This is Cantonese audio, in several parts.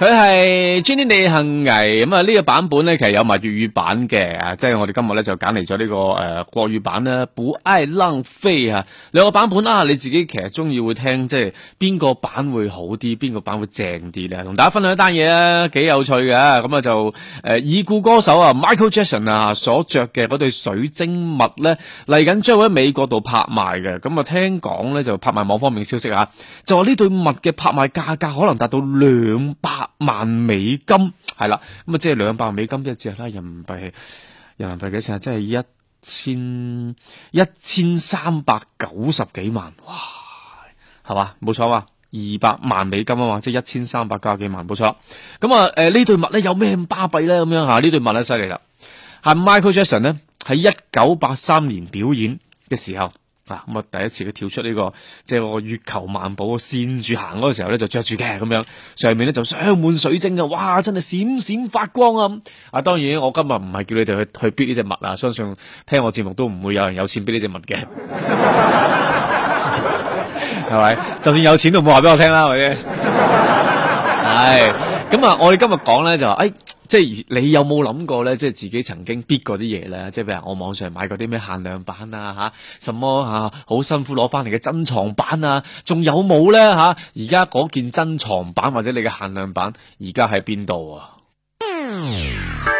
佢係《春天你行危》咁啊，呢、嗯這個版本咧其實有埋粵語版嘅啊，即、就、係、是、我哋今日咧就揀嚟咗呢個誒、呃、國語版啦，《不愛浪費》啊，兩個版本啊，你自己其實中意會聽即係邊個版會好啲，邊個版會正啲咧？同大家分享一單嘢啊，幾有趣嘅，咁啊就誒已故歌手啊 Michael Jackson 啊所着嘅嗰對水晶襪咧，嚟緊將會喺美國度拍賣嘅，咁、嗯、啊聽講咧就拍賣網方面嘅消息啊，就話呢對襪嘅拍賣價格可能達到兩百。萬美金係啦，咁啊，即係兩百萬美金一隻啦。人民幣人民幣幾錢啊？即係一千一千三百九十幾萬哇，係嘛？冇錯嘛，二百萬美金啊嘛，即係一千三百九十幾萬，冇錯。咁、呃、啊，誒呢對襪咧有咩咁巴閉咧？咁樣吓呢對襪呢，犀利啦，係 Michael Jackson 呢，喺一九八三年表演嘅時候。啊，咁啊，第一次佢跳出呢、這個，即、就、係、是、我月球漫步，我跣住行嗰個時候咧，就着住嘅咁樣，上面咧就鑲滿水晶噶，哇，真係閃閃發光啊！啊，當然我今日唔係叫你哋去去 bid 呢隻物啊，相信聽我節目都唔會有人有錢 bid 呢隻物嘅，係咪？就算有錢都唔會話俾我聽啦，係咪？ 係，咁啊，我哋今日講咧就話，誒。即係你有冇諗過呢？即係自己曾經逼過啲嘢呢？即係譬如我網上買過啲咩限量版啊，吓？什麼？吓？好辛苦攞翻嚟嘅珍藏版啊，仲有冇呢？吓？啊？而家嗰件珍藏版或者你嘅限量版，而家喺邊度啊？嗯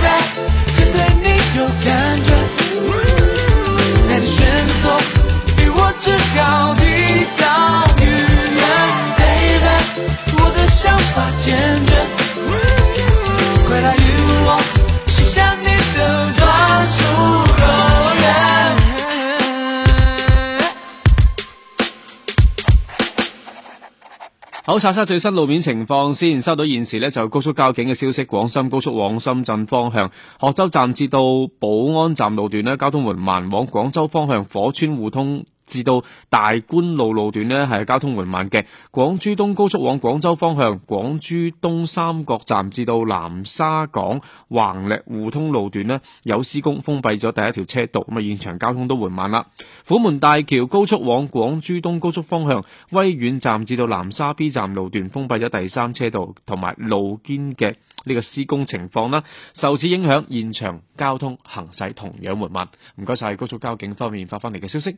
考察晒最新路面情況先收到現時呢就高速交警嘅消息，廣深高速往深圳方向，鶴洲站至到寶安站路段交通緩慢，往廣州方向火村互通。至到大觀路路段呢，係交通緩慢嘅。廣珠東高速往廣州方向，廣珠東三角站至到南沙港橫瀝互通路段呢，有施工，封閉咗第一條車道，咁啊，現場交通都緩慢啦。虎門大橋高速往廣珠東高速方向，威遠站至到南沙 B 站路段封閉咗第三車道同埋路肩嘅呢個施工情況啦。受此影響，現場交通行駛同樣緩慢。唔該晒，高速交警方面發翻嚟嘅消息。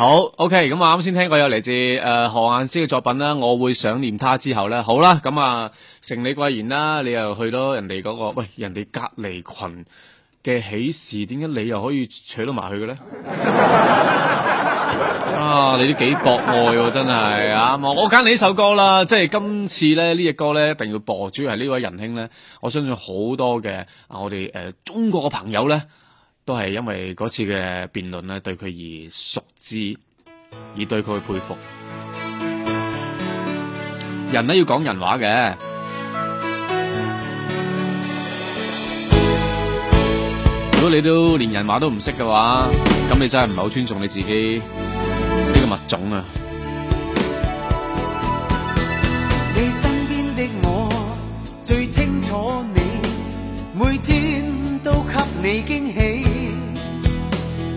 好，OK，咁我啱先聽過有嚟自誒、呃、何雁詩嘅作品啦，我會想念他之後咧，好啦，咁啊，成李貴賢啦，你又去到人哋、那、嗰個，喂，人哋隔離群嘅喜事，點解你又可以取到埋去嘅咧？ 啊，你都幾博愛喎，真係啊，我我揀你呢首歌啦，即係今次咧呢隻歌咧一定要播，主要係呢位仁兄咧，我相信好多嘅啊，我哋、呃、中國嘅朋友咧。都係因為嗰次嘅辯論咧，對佢而熟知，而對佢佩服。人咧要講人話嘅，如果你都連人話都唔識嘅話，咁你真係唔係好尊重你自己呢個物種啊！你身邊的我最清楚你，每天都給你驚喜。